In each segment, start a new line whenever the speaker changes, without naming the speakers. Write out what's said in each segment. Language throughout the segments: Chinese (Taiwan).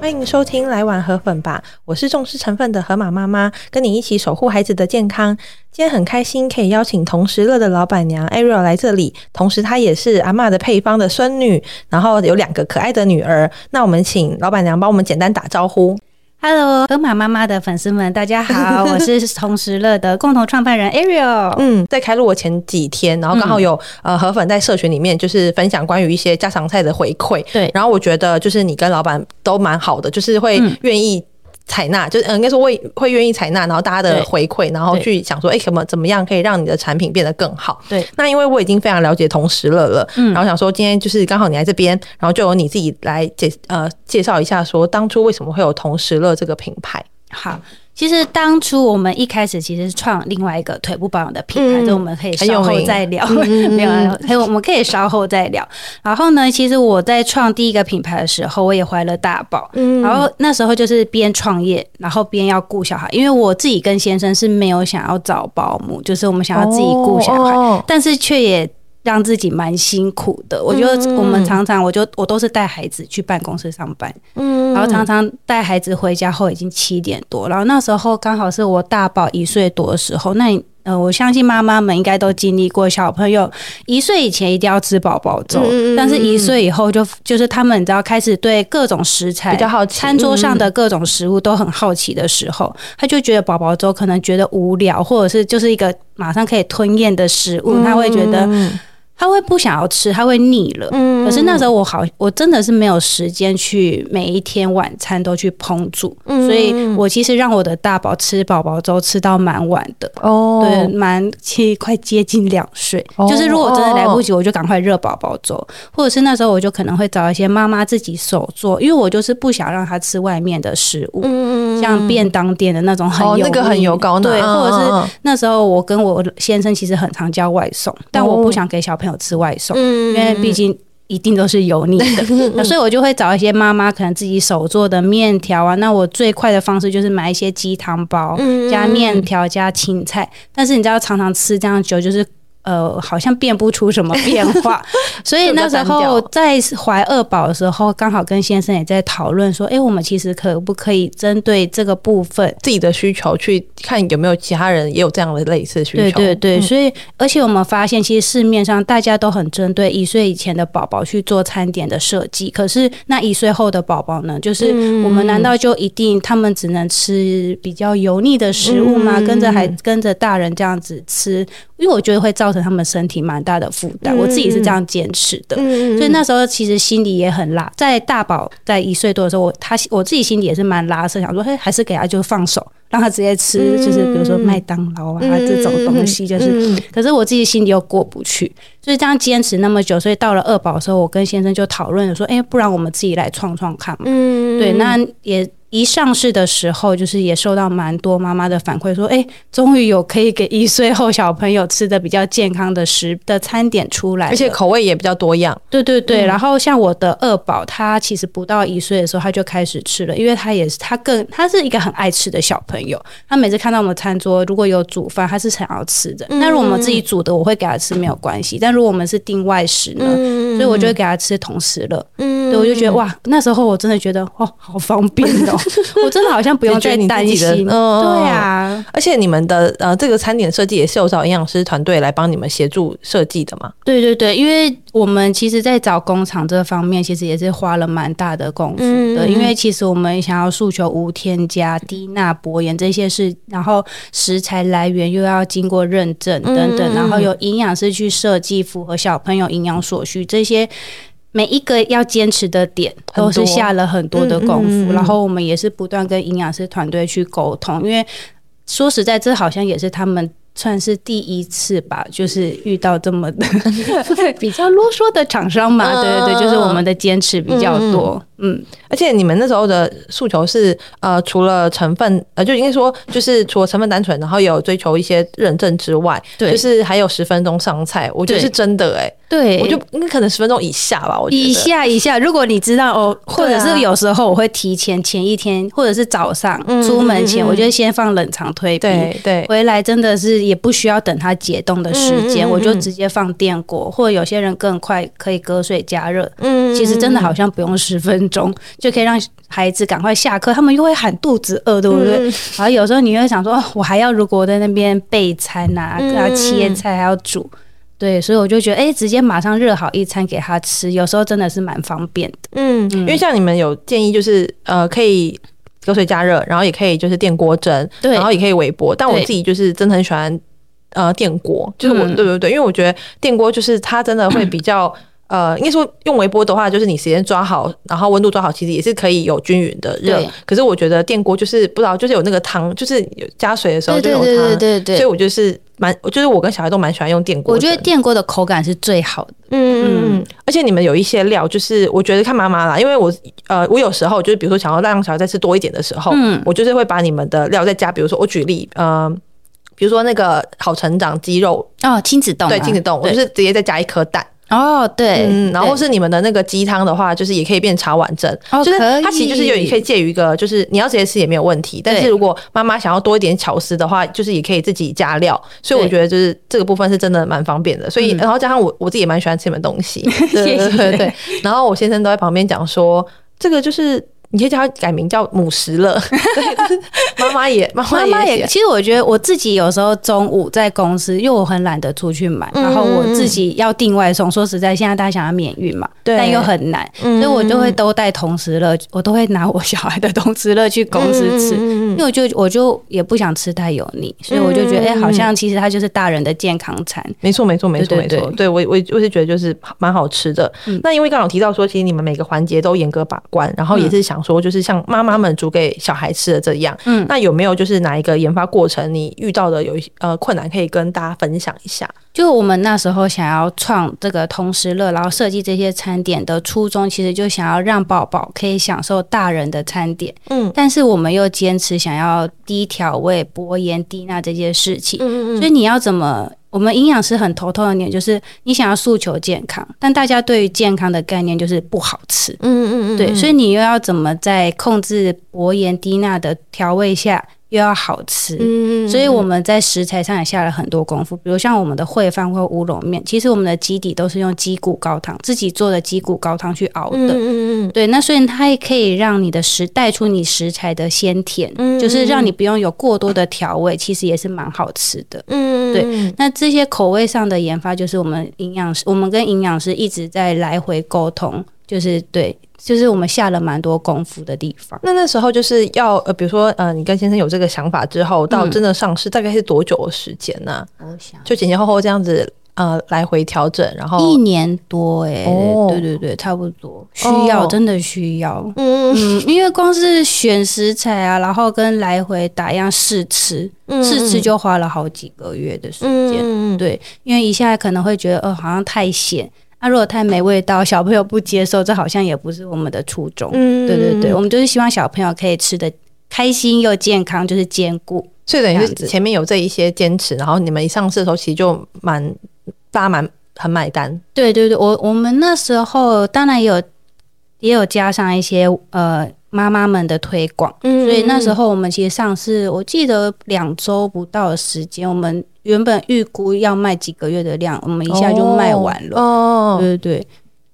歡迎收聽來碗河粉吧，我是重視成分的河馬媽媽，跟你一起守護孩子的健康。今天很開心可以邀請童蒔樂的老闆娘 Ariel 來這裡，同時她也是阿嬤的配方的孫女，然後有兩個可愛的女兒。那我們請老闆娘幫我們簡單打招呼。
哈嘍，河馬媽媽的粉絲們，大家好，我是童蒔樂的共同創辦人 Ariel。
嗯，在開錄我前幾天，然後剛好有、嗯、呃河粉在社群裡面就是分享關於一些家常菜的回饋，對，然後我覺得就是你跟老闆都蠻好的，就是會願意、嗯。採納就是，嗯，應該說我會願意採納，然後大家的回饋，然後去想說，哎、欸，怎麼怎麼樣可以讓你的產品變得更好。對，那因為我已經非常了解童蒔樂了，嗯，然後想說今天就是剛好你來這邊，嗯、然後就由你自己來解呃介呃介紹一下，說當初為什麼會有童蒔樂這個品
牌。好。其實當初我們一開始其實是創另外一個腿部保養的品牌，就、嗯、我， 我們可以稍後再聊，沒有，沒有我們可以稍後再聊。然後呢，其實我在創第一個品牌的時候，我也懷了大寶、嗯，然後那時候就是邊創業，然後邊要顧小孩，因為我自己跟先生是沒有想要找保姆，就是我們想要自己顧小孩，哦、但是卻也。讓自己蠻辛苦的，我覺得我們常常，我就我都是帶孩子去辦公室上班，然後常常帶孩子回家後已經七點多，然後那時候剛好是我大寶一歲多的時候，那呃，我相信媽媽們應該都經歷過，小朋友一歲以前一定要吃寶寶粥，但是一歲以後就就是他們你知道開始對各種食材比較好，餐桌上的各種食物都很好奇的時候，他就覺得寶寶粥可能覺得無聊，或者是就是一個馬上可以吞嚥的食物，他會覺得。他會不想要吃，他會膩了。嗯可是那時候我好，我真的是沒有時間去每一天晚餐都去烹煮，嗯、所以我其實讓我的大寶吃寶寶粥吃到蠻晚的哦，對、就是，蠻其實快接近兩歲、哦。就是如果真的來不及，我就趕快熱寶寶粥、哦，或者是那時候我就可能會找一些媽媽自己手做，因為我就是不想讓他吃外面的食物，嗯，像便當店的那種很油、哦、那個很油膏，對、啊，或者是那時候我跟我先生其實很常叫外送，哦、但我不想給小朋友吃外送，嗯、因為畢竟。一定都是油膩的， 那所以我就會找一些媽媽可能自己手做的麵條啊。那我最快的方式就是買一些雞湯包，加麵條加青菜。 但是你知道，常常吃這樣久就是。呃，好像變不出什麼變化，所以那時候在懷二寶的時候，剛好跟先生也在討論說，哎、欸，我們其實可不可以針對這個部分自己的需求去看有沒有其他人也有這樣的類似需求？對對對，所以而且我們發現，其實市面上大家都很針對一歲以前的寶寶去做餐點的設計，可是那一歲後的寶寶呢，就是我們難道就一定他們只能吃比較油膩的食物嗎？跟着還跟着大人這樣子吃，因為我覺得會造成。他們身體蠻大的負擔，我自己是這樣堅持的，所以那時候其實心裡也很辣。在大寶在一歲多的時候，我他我自己心裡也是蠻拉扯，想說，嘿，還是給他就放手，讓他直接吃，就是比如說麥當勞啊這種東西，就是。可是我自己心裡又過不去，所以這樣堅持那麼久。所以到了二寶的時候，我跟先生就討論說，誒，不然我們自己來創創看嘛。對，那也。一上市的時候，就是也受到蠻多媽媽的反饋，說：“誒，終於有可以給一歲後小朋友吃的比較健康的食的餐點出來，而且口味也比較多樣。”對對對、嗯，然後像我的二寶，他其實不到一歲的時候他就開始吃了，因為他也是他更他是一個很愛吃的小朋友，他每次看到我們餐桌如果有煮飯，他是想要吃的，嗯。那如果我們自己煮的，我會給他吃沒有關係，但如果我們是訂外食呢？嗯所以我就會給他吃童蒔樂，嗯，嗯，嗯、對，我就覺得哇，那時候我真的覺得哦，好方便哦， 我真的好像不用再擔心了。對啊，
而且你們的呃這個餐點設計也是有找營養師團隊來幫你們協助設計的嘛？
對對對，因為。我們其實，在找工廠這方面，其實也是花了蠻大的功夫的，嗯嗯。因為其實我們想要訴求無添加、低鈉、薄鹽這些事，然後食材來源又要經過認證等等，嗯嗯嗯，然後有營養師去設計符合小朋友營養所需，這些每一個要堅持的點都是下了很多的功夫，嗯嗯嗯嗯。然後我們也是不斷跟營養師團隊去溝通，因為說實在，這好像也是他們。算是第一次吧，就是遇到這麼的 比較囉嗦的廠商嘛，uh, 對對對，就是我們的堅持比較多，uh,
嗯，而且你們那時候的訴求是，呃，除了成分，呃，就應該說就是除了成分單純，然後有追求一些認證之外，對， 就是還有十分鐘上菜，我覺得是真的哎、欸。對，我就應該可能十分鐘以下吧，我覺得以下
以下。如果你知道哦，或者是有時候我會提前前一天，啊、或者是早上、嗯、出門前、嗯，我就先放冷藏退冰，對，對，回來真的是也不需要等它解凍的時間、嗯嗯，我就直接放電鍋、嗯，或者有些人更快可以隔水加熱。嗯，其實真的好像不用十分鐘、嗯、就可以讓孩子趕快下課，他們又會喊肚子餓，對不對、嗯？然後有時候你又想說、哦，我還要如果在那邊備餐啊，還、啊嗯、切菜，還要煮。對，所以我就覺得，哎、欸，直接馬上熱好一餐給他吃，有時候真的是蠻方便的嗯。
嗯，因為像你們有建議，就是呃，可以隔水加熱，然後也可以就是電鍋蒸，對，然後也可以微波。但我自己就是真的很喜歡呃電鍋，就是我、嗯、對對對，因為我覺得電鍋就是它真的會比較。 呃，應該說用微波的話，就是你時間抓好，然後溫度抓好，其實也是可以有均勻的熱。可是我覺得電鍋就是不知道，就是有那個湯，就是加水的時候就有湯。對對對，對，對，對。所以我就是蠻，我就是我跟小孩都蠻喜歡用電鍋。我覺得電鍋的口感是最好的。嗯，嗯，嗯。而且你們有一些料，就是我覺得看媽媽啦，因為我呃，我有時候就是比如說想要讓小孩再吃多一點的時候，嗯，我就是會把你們的料再加，比如說我舉例，嗯、呃，比如說那個好成長雞肉哦，親子凍、啊、對親子凍，我就是直接再加一顆蛋。
哦、oh，對，嗯，然後是
你們的那個雞湯的話，就是也可以變茶碗蒸，oh, 可以就是它其實就是有可以介於一個，就是你要直接吃也沒有問題，但是如果媽媽想要多一點巧思的話，就是也可以自己加料，所以我覺得就是這個部分是真的蠻方便的，所以、嗯、然後加上我我自己也蠻喜歡吃你們東西，對對對，對，對 謝謝，然後我先生都在旁邊講說，這個就是。你就叫他改名叫母食樂
媽媽也媽媽也其實我覺得我自己有時候中午在公司，因為我很懶得出去買，嗯嗯嗯，然後我自己要訂外送。說實在，現在大家想要免運嘛，對但又很難，所以我就會都帶童蒔樂，嗯嗯，我都會拿我小孩的童蒔樂去公司吃，嗯嗯嗯，因為我就我就也不想吃太油膩，所以我就覺得、欸，哎，好像其實它就是大人的健康餐。沒錯，沒錯，沒錯，沒錯。對，我我我是覺得就是蠻好吃的。嗯、那因為剛好提到說，
其實你們每個環節都嚴格把關，然後也是想。說就是像媽媽們煮給小孩吃的這樣，嗯，那有沒有就是哪一個研發過程你遇到的有一些呃困難可以跟大家分享一
下？就我們那時候想要創這個童蒔樂，然後設計這些餐點的初衷，其實就想要讓寶寶可以享受大人的餐點，嗯，但是我們又堅持想要低調味、薄鹽、低鈉這些事情，嗯嗯嗯，所以你要怎麼？我們營養師很頭痛的點就是，你想要訴求健康，但大家對於健康的概念就是不好吃，嗯嗯嗯，對，所以你又要怎麼在控制薄鹽、低鈉的調味下？又要好吃，所以我們在食材上也下了很多功夫。嗯、比如，像我們的燴飯或烏龍麵，其實我們的基底都是用雞骨高湯，自己做的雞骨高湯去熬的、嗯。對，那所以它也可以讓你的食帶出你食材的鮮甜、嗯，就是讓你不用有過多的調味、嗯，其實也是蠻好吃的、嗯。對，那這些口味上的研發，就是我們營養師，我們跟營養師一直在來回溝通。就是對，就是我們下了蠻多功夫的地方。那那時候就是要呃，比如說呃，
你跟先生有這個想法之後，到真的上市，大概是多久的時間呢、啊？我、嗯、想就前前後後這樣子呃來回調整，然後一年多誒、欸哦、對
對對，差不多需要、哦、真的需要，嗯嗯，因為光是選食材啊，然後跟來回打樣試吃，試、嗯、吃就花了好幾個月的時間、嗯，對，因為一下可能會覺得呃好像太鹹。那、啊、如果太沒味道，小朋友不接受，這好像也不是我們的初衷。嗯，對對對，我們就是希望小朋友可以吃得開心又健康，就是兼顧。所以等於是前面有這一些堅持，然後你們一上市的時候，其實就蠻大家蠻很買單。對對對，我我們那時候當然也有也有加上一些呃媽媽們的推廣，所以那時候我們其實上市，我記得兩周不到的時間，我們。原本預估要賣幾個月的量，我們一下就賣完了。哦，哦對,對對，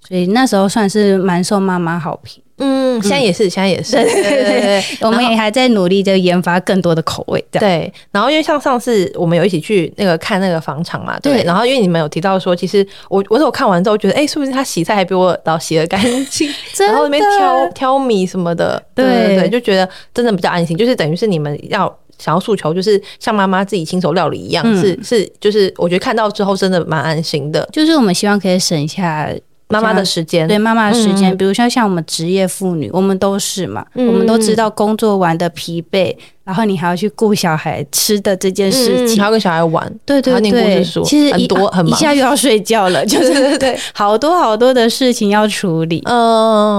所以那時候算是蠻受媽媽好評、嗯。嗯，現在也是，現在也是。對對對,對,對 我們也還在努力就研發更多的口味。對。然後因為像上次我們有一起去那個看那個廠嘛，
對。對然後因為你們有提到說，其實我我我看完之後覺得，哎、欸，是不是他洗菜還比我早洗得的乾淨？然後沒挑挑米什麼的，對對對,對，就覺得真的比較安心。就是等於是你們要。想要訴求就是像媽媽自己親手料理一樣，嗯、是是，就是我覺得看到
之後真的蠻安心的。就是我們希望可以省下媽媽的時間，對媽媽的時間、嗯，比如說像，像我們職業婦女，我們都是嘛、嗯，我們都知道工作完的疲憊。嗯嗯然後你還要去顧小孩吃的這件事情、嗯，還要跟小孩玩，對對對，對其實很多、啊、很忙。一下又要睡覺了，就是對對對，好多好多的事情要處理，嗯、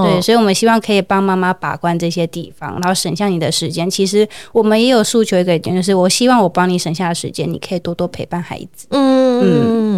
哦，對，所以我們希望可以幫媽媽把關這些地方，然後省下你的時間。其實我們也有訴求一個點，就是我希望我幫你省下的時間，你可以多多陪伴孩子。
嗯，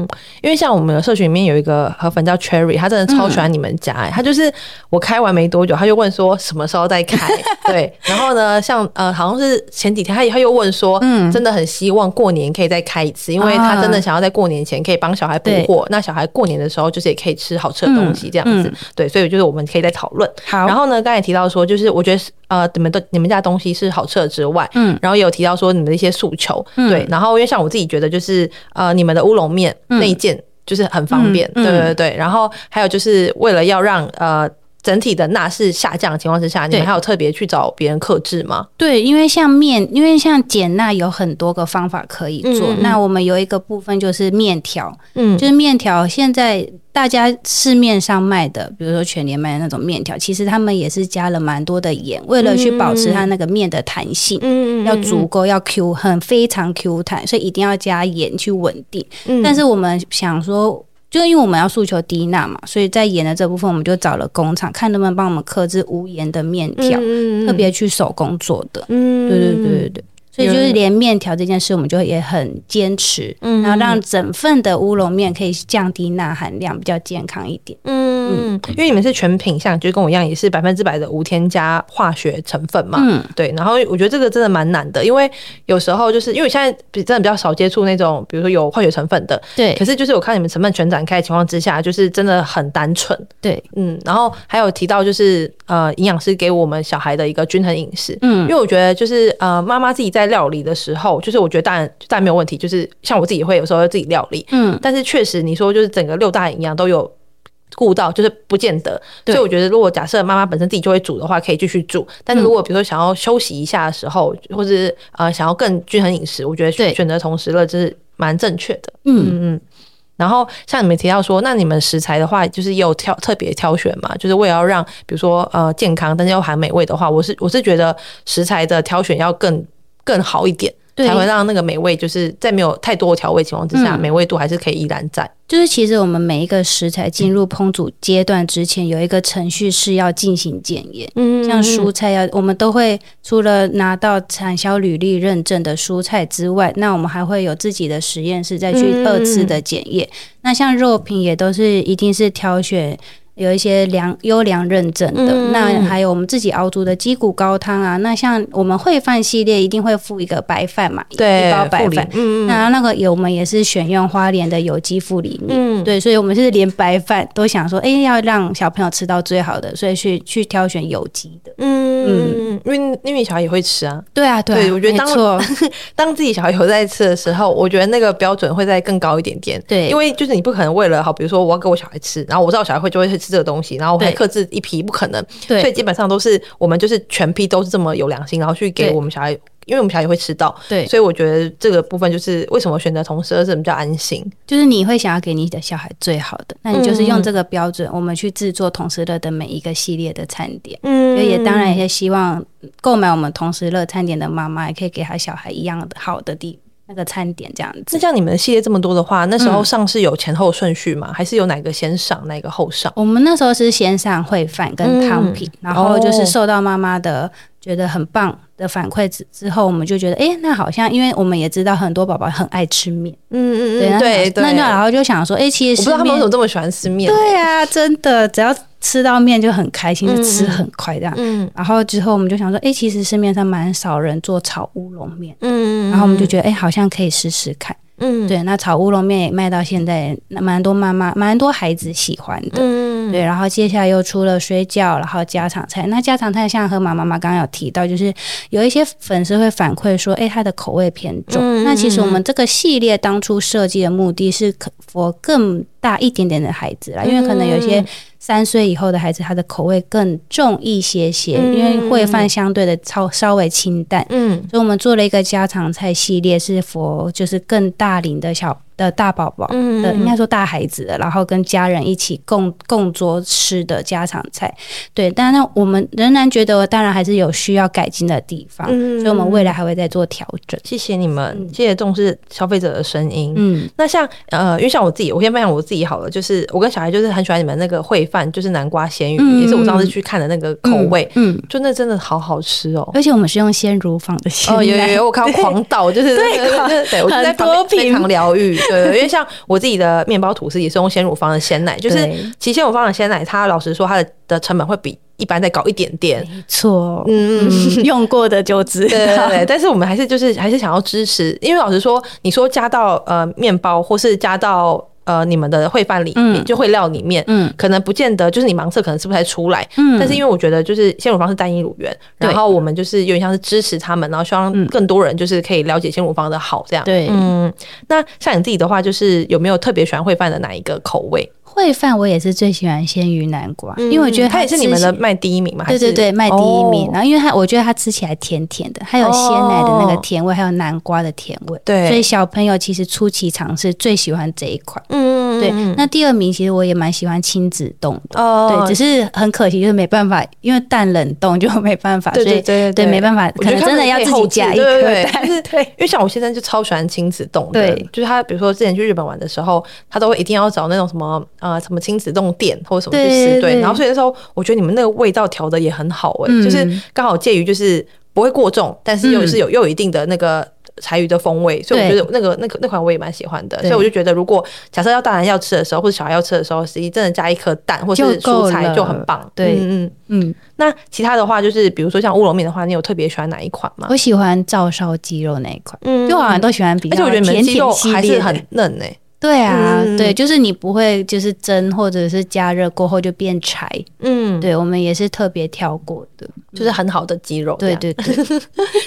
嗯因為像我們的社群裡面有一個河粉叫 Cherry，他真的超喜歡你們家哎、嗯，他就是我開完沒多久，他就問說什麼時候再開， 對，然後呢，像呃，好像是。前幾天他他又問說，真的很希望過年可以再開一次，嗯、因為他真的想要在過年前可以幫小孩補貨、啊，那小孩過年的時候就是也可以吃好吃的東西這樣子，嗯嗯、對，所以就是我們可以再討論、嗯。然後呢，剛才提到說，就是我覺得呃，你們的你們家東西是好吃的之外、嗯，然後也有提到說你們的一些訴求、嗯，對，然後因為像我自己覺得就是呃，你們的烏龍麵那一件就是很方便、嗯嗯，對對對，然後還有就是為了要讓呃。整體的鈉是下降的情況之下，你們還有特別去找別人客製嗎？
對，因為像麵，因為像減鈉有很多個方法可以做、嗯。那我們有一個部分就是麵條，嗯，就是麵條現在大家市面上賣的，比如說全年賣的那種麵條，其實他們也是加了蠻多的鹽，為了去保持它那個麵的彈性，嗯，要足夠要 Q 很非常 Q 彈，所以一定要加鹽去穩定。但是我們想說。就因為我們要訴求低鈉嘛，所以在鹽的這部分，我們就找了工廠，看能不能幫我們客製無鹽的麵條、嗯嗯嗯，特別去手工做的。嗯，對對對對對。所以就是連麵條這件事，我們就也很堅持，嗯，然後讓整份的烏龍麵可以降低鈉含量，比較健康一點。嗯嗯，因為你們是全
品項，就是、跟我一樣也是百分之百的無添加化學成分嘛。嗯，對。然後我覺得這個真的蠻難的，因為有時候就是因為我現在比真的比較少接觸那種，比如說有化學成分的。對。可是就是我看你們成分全展開的情況之下，就是真的很單純。對，嗯。然後還有提到就是。呃，營養師給我們小孩的一個均衡飲食。嗯，因為我覺得就是呃，媽媽自己在料理的時候，就是我覺得當然當然沒有問題。就是像我自己會有時候自己料理。嗯，但是確實你說就是整個六大營養都有顧到，就是不見得。對。所以我覺得如果假設媽媽本身自己就會煮的話，可以繼續煮。但是如果比如說想要休息一下的時候，嗯、或是呃想要更均衡飲食，我覺得選擇童蒔樂，就是蠻正確的。嗯嗯。然後像你們提到說，那你們食材的話，就是也有挑特別挑選嘛？就是為了要讓，比如說呃，健康，但是又很美味的話，我是我是覺得食材的挑選要更更好一點。才會讓那個美味，就是在沒有太多調味情況之下，美味度還
是可以依然在。就是其實我們每一個食材進入烹煮階段之前，有一個程序是要進行檢驗。嗯，像蔬菜啊，我們都會除了拿到產銷履歷認證的蔬菜之外，那我們還會有自己的實驗室再去二次的檢驗。那像肉品也都是一定是挑選。有一些良優良認證的。嗯嗯嗯，那還有我們自己熬煮的雞骨高湯啊。那像我們燴飯系列，一定會附一個白飯嘛，對，一包白飯。嗯，嗯，那那個油，我們也是選用花蓮的有機富里米嗯，嗯，對，所以我們是連白飯都想說，哎、欸，要讓小朋友吃到最好的，所以去去挑選有機的。嗯嗯，因為因為小孩也會吃啊。對啊，啊、對，我覺得當
當自己小孩有在吃的時候， 我覺得那個標準會再更高一點點。對，因為就是你不可能為了好，比如說我要給我小孩吃，然後我知道我小孩會就會去吃。這個東西，然後我客製一批不可能，對，所以基本上都是我們就是全批都是這麼有良心，然後去給我們小孩，因為我們小孩也會吃到，對，所以我覺得這個部分就是為什麼選擇童蒔樂，是比較安心。
就是你會想要給你的小孩最好的，那你就是用這個標準，我們去製作童蒔樂的每一個系列的餐點，嗯，也當然也希望購買我們童蒔樂餐點的媽媽也可以給他小孩一樣的好的地方。那個餐點這樣子，
那像你們的系列這麼多的話，那時候上市有前後順序嗎、嗯？還是有哪個先上哪個後上？我們那時候是先上燴
飯跟湯品、嗯，然後就是受到媽媽的覺得很棒的反饋之之後、哦，我們就覺得哎、欸，那好像因為我們也知道很多寶寶很愛吃麵，嗯嗯嗯，對對，對，對，那然後就，就想說，哎、欸，其實是我不知道他們為什麼這麼喜
歡吃麵、欸，對
啊，真的只要。吃到麵就很開心，就吃很快這樣。嗯，然後之後我們就想說，哎、欸，其實市面上蠻少人做炒烏龍麵。嗯，然後我們就覺得，哎、欸，好像可以試試看。嗯，對，那炒烏龍麵也賣到現在，那蠻多媽媽、蠻多孩子喜歡的。嗯。對，然後接下來又出了水餃，然後家常菜。那家常菜像河馬媽媽剛剛有提到，就是有一些粉絲會反饋說，哎，它的口味偏重。嗯嗯嗯，那其實我們這個系列當初設計的目的是 for 更大一點點的孩子啦，嗯嗯，因為可能有一些三歲以後的孩子他的口味更重一些些，嗯嗯嗯，因為燴飯相對的超稍微清淡。嗯，所以我們做了一個家常菜系列，是 for 就是更大齡的小。的大寶寶，嗯應該說大孩子的，然後跟家人一起共共桌吃的家常菜，對。但那我們仍然覺得，當然還是有需要改進的地方，嗯，所以我們未來還會再做調整，嗯。謝謝你們，謝謝重視消費者的聲音，嗯。那像
呃，因為像我自己，我先分享我自己好了，就是我跟小孩就是很喜歡你們那個燴飯，就是南瓜鮮魚，嗯，也是我上次去看的那個口味，嗯，嗯，就那真的好好吃哦。而且我們是用鮮乳坊的鮮哦，有有有，我看到狂倒，就是、那個、對對 對，我在旁邊非常療癒。對，因為像我自己的麵包吐司也是用鮮乳方的鮮奶，就是其實鮮乳方的鮮奶，它老實說它的的成本會比一般再高一點點。
錯，嗯，
用過的就知道。 對對對。但是我們還是就是還是想要支持，因為老實說，你說加到呃麵包或是加到。呃，你們的燴飯裡、嗯、就燴料裡面、嗯，可能不見得就是你盲測可能吃不太出來、嗯，但是因為我覺得就是鮮乳坊是單一乳源，然後我們就是有點像是支持他們，然後希望更多人就是可以了解鮮乳坊的好這樣。對。嗯，那像你自己的話，就是有沒有特別喜歡燴飯的哪一個口味？
燴飯我也是最喜歡鮮魚南瓜、嗯，因為我覺得它也是你們的賣第一名嘛。對對對，賣第一名、哦，然後因為它我覺得它吃起來甜甜的，還有鮮奶的那個甜味、哦，還有南瓜的甜味，對，所以小朋友其實初期嘗試最喜歡這一款，嗯。對，那第二名其實我也蠻喜歡親子凍的、嗯，對，只是很可惜就是沒辦法，因為蛋冷凍就沒辦法，對對對，對，對，對沒辦法，可能真的要自己夾一顆，對，對，但
是對，對，因為像我先生就超喜歡親子凍的對，就是他比如說之前去日本玩的時候，他都會一定要找那種什麼啊、呃、什麼親子凍店或者什麼去吃，對，然後所以那時候我覺得你們那個味道調的也很好哎、欸嗯，就是剛好介於就是不會過重，但是又是有、嗯、又有一定的那個柴魚的風味，所以我覺得那個、那個、那個、那款我也蠻喜歡的，所以我就覺得，如果假設要大人要吃的時候，或者小孩要吃的時候，實際真的加一顆蛋或是蔬菜就很棒。嗯嗯對，嗯嗯嗯。那其他的話，就是比如說像烏龍麵的話，你有特別喜歡哪一款嗎？我喜歡
照燒雞肉那一款，嗯、啊，就好像都喜歡比較甜甜，而且我覺得雞肉還是很嫩誒、欸。對啊、嗯，對，就是你不會就是蒸或者是加熱過後就變柴，嗯，對我們也是特別挑過的，就是很
好的雞肉、嗯，對
對對，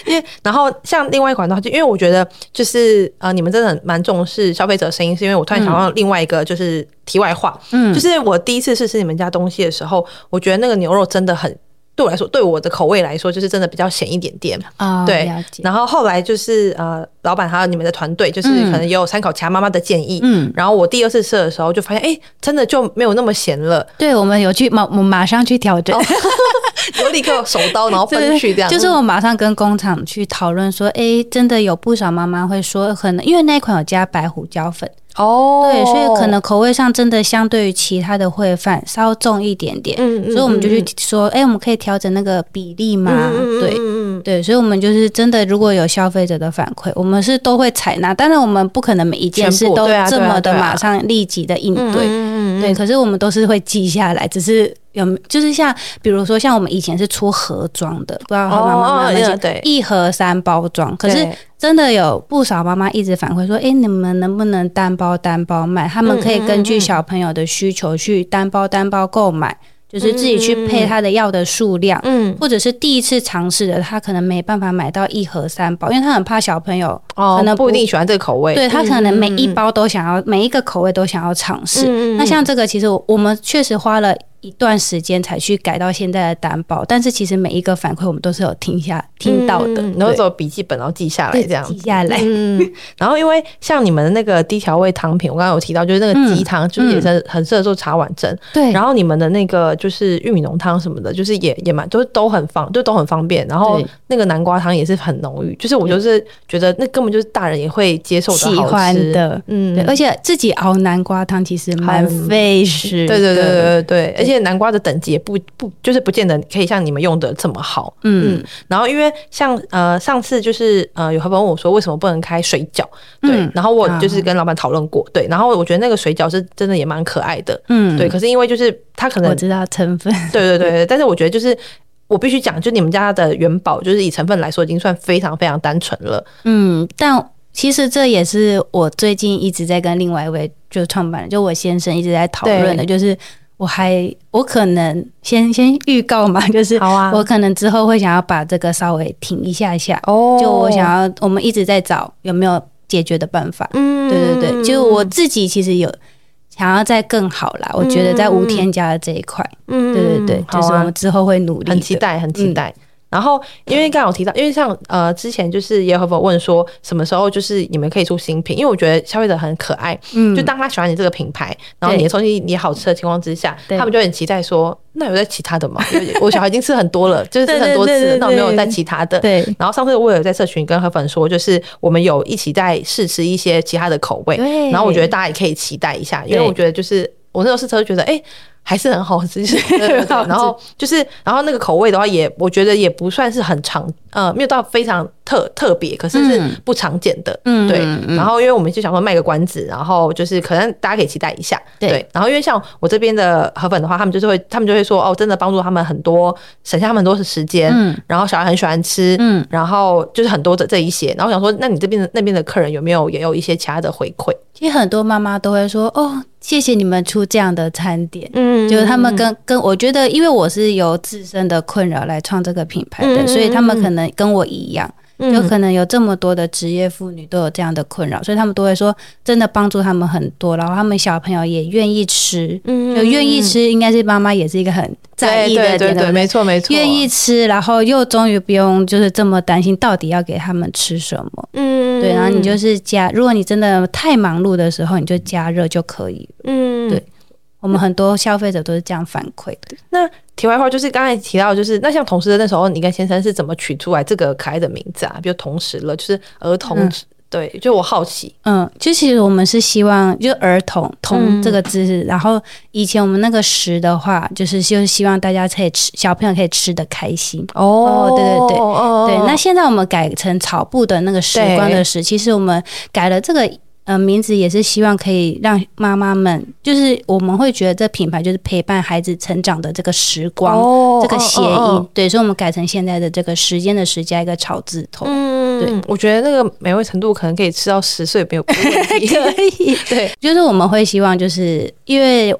因 為然
後像另外一款的話，就因為我覺得就是呃，你們真的蠻重視消費者聲音，是因為我突然想到另外一個就是題外話，嗯，就是我第一次試吃你們家東西的時候，我覺得那個牛肉真的很。對我來說，對我的口味來說，就是真的比較鹹一點點。啊、哦，
對。
然後後來就是呃，老闆還有你們的團隊，就是可能也有參考其他媽媽的建議嗯。嗯，然後我第二次試的時候，就發現哎，真的就沒有那麼鹹了。
對我們有去馬，我馬上去調整，
哦、 我立刻手刀，然後分去這樣。就是
我馬上跟工廠去討論說，哎，真的有不少媽媽會說很，可能因為那一款有加白胡椒粉。哦、oh，對，所以可能口味上真的相對於其他的燴飯稍重一點點，嗯嗯，所以我們就去說，哎、嗯，我們可以調整那個比例嗎？嗯、對，對，所以我們就是真的，如果有消費者的反饋，我們是都會採納。當然，我們不可能每一件事都這麼的馬上立即的應對，對，啊對，啊對啊，對，可是我們都是會記下來，只是。有就是像比如說像我們以前是出盒裝的，不知道媽媽們對一盒三包裝，可是真的有不少媽媽一直反饋說，誒、欸，你們能不能單包單包賣？他們可以根據小朋友的需求去單包單包購買，嗯嗯嗯，就是自己去配他的要的數量，嗯，嗯，或者是第一次嘗試的，他可能沒辦法買到一盒三包，因為他很怕小朋友可能不一、哦、定喜歡這個口味，對，他可能每一包都想要嗯嗯嗯，每一個口味都想要嘗試、嗯嗯嗯。那像這個其實我我們確實花了。一段時間才去改到現在的擔保。但是其實每一個反饋我們都是有聽一下、嗯、聽到的，然後做筆記
本然後記下來這樣，記下來。嗯、
然後因為像你們的那個低調味湯品，我剛剛有
提到，就是那個雞湯，就是也是很適合做茶碗蒸。對、嗯嗯，然後你們的那個就是玉米濃湯什麼的，就是也也蠻，都是都很方，就都很方便。然後那個南瓜湯也是很濃郁，就是我就是覺得那根本就是大人也會接受好吃喜歡的，嗯對，而
且自己熬南瓜湯其實蠻費
時、嗯，對對對對對對，而且。這些南瓜的等級也不不就是不見得可以像你們用的這麼好，嗯。嗯，然後因為像呃上次就是呃有朋友問我說，為什麼不能開水餃？嗯、對。然後我就是跟老板討論過、嗯，對。然後我覺得那個水餃是真的也蠻可愛的，嗯。對，可是因為就是它可能我知道成分，對對對，但是我覺得就是我必須講，就你們家的元寶就是以成分來說已經算非常非常單純
了，嗯。但其實這也是我最近一直在跟另外一位就創辦人，就我先生一直在討論的，就是。我還，我可能先先預告嘛，就是，我可能之後會想要把這個稍微停一下下，哦、啊，就我想要，我們一直在找有沒有解決的辦法，嗯、哦，對對對，就我自己其實有想要再更好啦、嗯，我覺得在無添加的這一塊，嗯，對對對，就是我們之後會努力、啊，很期待，很期待。嗯然後，因為剛剛提到，因為像呃之前就
是也河粉問說什麼時候就是你們可以出新品，因為我覺得消費者很可愛，嗯，就當他喜歡你這個品牌，然後你的東西也好吃的情況之下，他們就很期待說，那有在其他的嗎？對我小孩已經吃很多了， 就是吃很多次，那我沒有在其他的？對。然後上次我也有在社群跟河粉說，就是我們有一起在試吃一些其他的口味對，然後我覺得大家也可以期待一下，因為我覺得就是我那時候試吃覺得誒、欸還是很好吃， 然後就是，然後那個口味的話，也我覺得也不算是很常，呃，沒有到非常特特別，可是是不常見的，嗯，對。然後因為我們就想說賣個關子，然後就是可能大家可以期待一下，對。然後因為像我這邊的河粉的話，他們就是會，他們就會說，哦，真的幫助他們很多，省下他們很多的時間，然後小孩很喜歡吃，嗯。然後就是很多的這一些，然後想說，那你這邊的那邊的客人有沒有也有一些其他的回饋？
其實很多媽媽都會說，哦，謝謝你們出這樣的餐點，嗯。就是他們跟跟我覺得，因為我是由自身的困擾來創這個品牌的、嗯，所以他們可能跟我一樣，有、嗯、可能有這麼多的職業婦女都有這樣的困擾、嗯，所以他們都會說真的幫助他們很多。然後他們小朋友也願意吃，嗯，就願意吃，應該是媽媽也是一個很在意的點。對，對，對沒錯沒錯。願意吃，然後又終於不用就是這麼擔心到底要給他們吃什麼。嗯，對。然後你就是加，如果你真的太忙碌的時候，你就加熱就可以嗯，對。我們很多消費者都是這樣反饋的、
嗯。那題外話就是剛才提到，就是那像“童蒔的那時候、哦，你跟先生是怎麼取出來這個可愛的名字啊？比如“童蒔”了，就是兒童，嗯、對，就我好奇。嗯，
就其實我們是希望就兒童“童這個字，嗯、然後以前我們那個“蒔”的話，就是就是希望大家可以吃小朋友可以吃得開心。哦,哦，對對對，哦、對。那現在我們改成草部的那個時光的蒔其實我們改了這個。呃，名字也是希望可以讓媽媽們，就是我們會覺得這品牌就是陪伴孩子成長的這個時光，哦、這個諧音、哦哦，對，所以我們改成現在的這個時間的時加一個草字頭。嗯，對，我覺得那個美味程度可能可以吃到十歲沒有問題 可以，對，就是我們會希望，就是因為。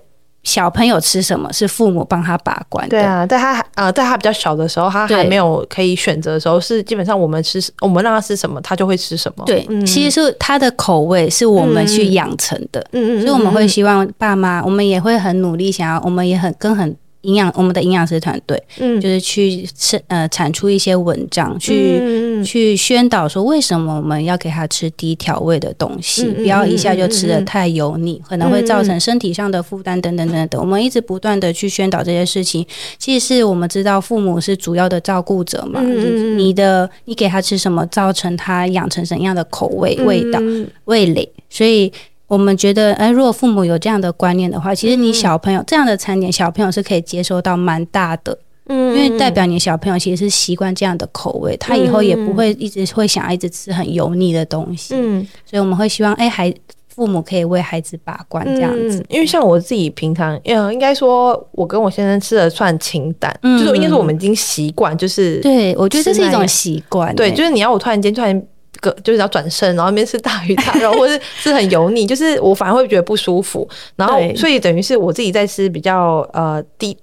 小朋友吃什麼是父母幫他把關的？對啊，在
他啊、呃、在他比較小的時候，他還沒有可以選擇的時候，是基本上我們吃，我們讓他
吃什麼，他就會吃什麼。對，其實是他的口味是我們去養成的。嗯嗯，所以我們會希望爸媽，我們也會很努力，想要我們也很跟很。營養，我們的營養師團隊、嗯，就是去吃呃，產出一些文章，去、嗯、去宣導說為什麼我們要給他吃低調味的東西、嗯嗯，不要一下就吃得太油膩、嗯嗯，可能會造成身體上的負擔等等等等、嗯。我們一直不斷的去宣導這些事情。其實是我們知道父母是主要的照顧者嘛，嗯就是、你的你給他吃什麼，造成他養成什麼樣的口味、味道、嗯、味蕾，所以。我們覺得，哎、呃，如果父母有這樣的觀念的話，其實你小朋友、嗯、這樣的餐點，小朋友是可以接受到蠻大的，嗯，因為代表你小朋友其實是習慣這樣的口味、嗯，他以後也不會一直會想要一直吃很油膩的東西，嗯，所以我們會希望，哎、欸，孩父母可以為孩子把關這樣子、嗯，因為像我自己平常，
呃，應該說，我跟我先生吃的算清淡，嗯，就是應該說我們已經習慣，就是對，我覺得這是一種習慣、欸那個，對，就是你要我突然間突然。個就是要轉身，然後那邊是大魚大肉，或是是很油膩，就是我反而會覺得不舒服。然後所以等於是我自己在吃比較呃低，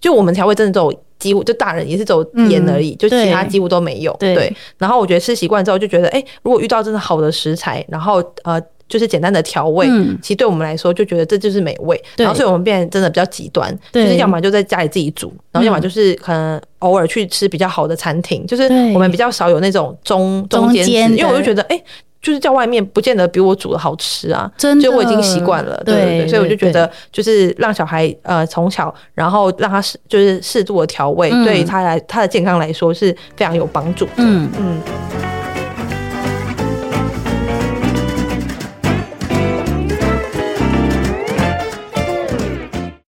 就我們才會真的走幾乎就大人也是走鹽而已，就其他幾乎都沒有。對，然後我覺得吃習慣之後就覺得，哎，如果遇到真的好的食材，然後呃。就是簡單的調味，其實對我們來說，就覺得這就是美味。嗯、然後，所以我們變得真的比較極端，就是要麼就在家裡自己煮，然後要麼就是可能偶爾去吃比較好的餐廳，嗯。就是我們比較少有那種中中間，因為我就覺得，哎、欸，就是在外面不見得比我煮的好吃啊。真的，所以我已經習慣了對對對。對對對，所以我就覺得，就是讓小孩呃從小，然後讓他適就是適度的調味，嗯、對他來他的健康來說是非常有幫助的。嗯嗯。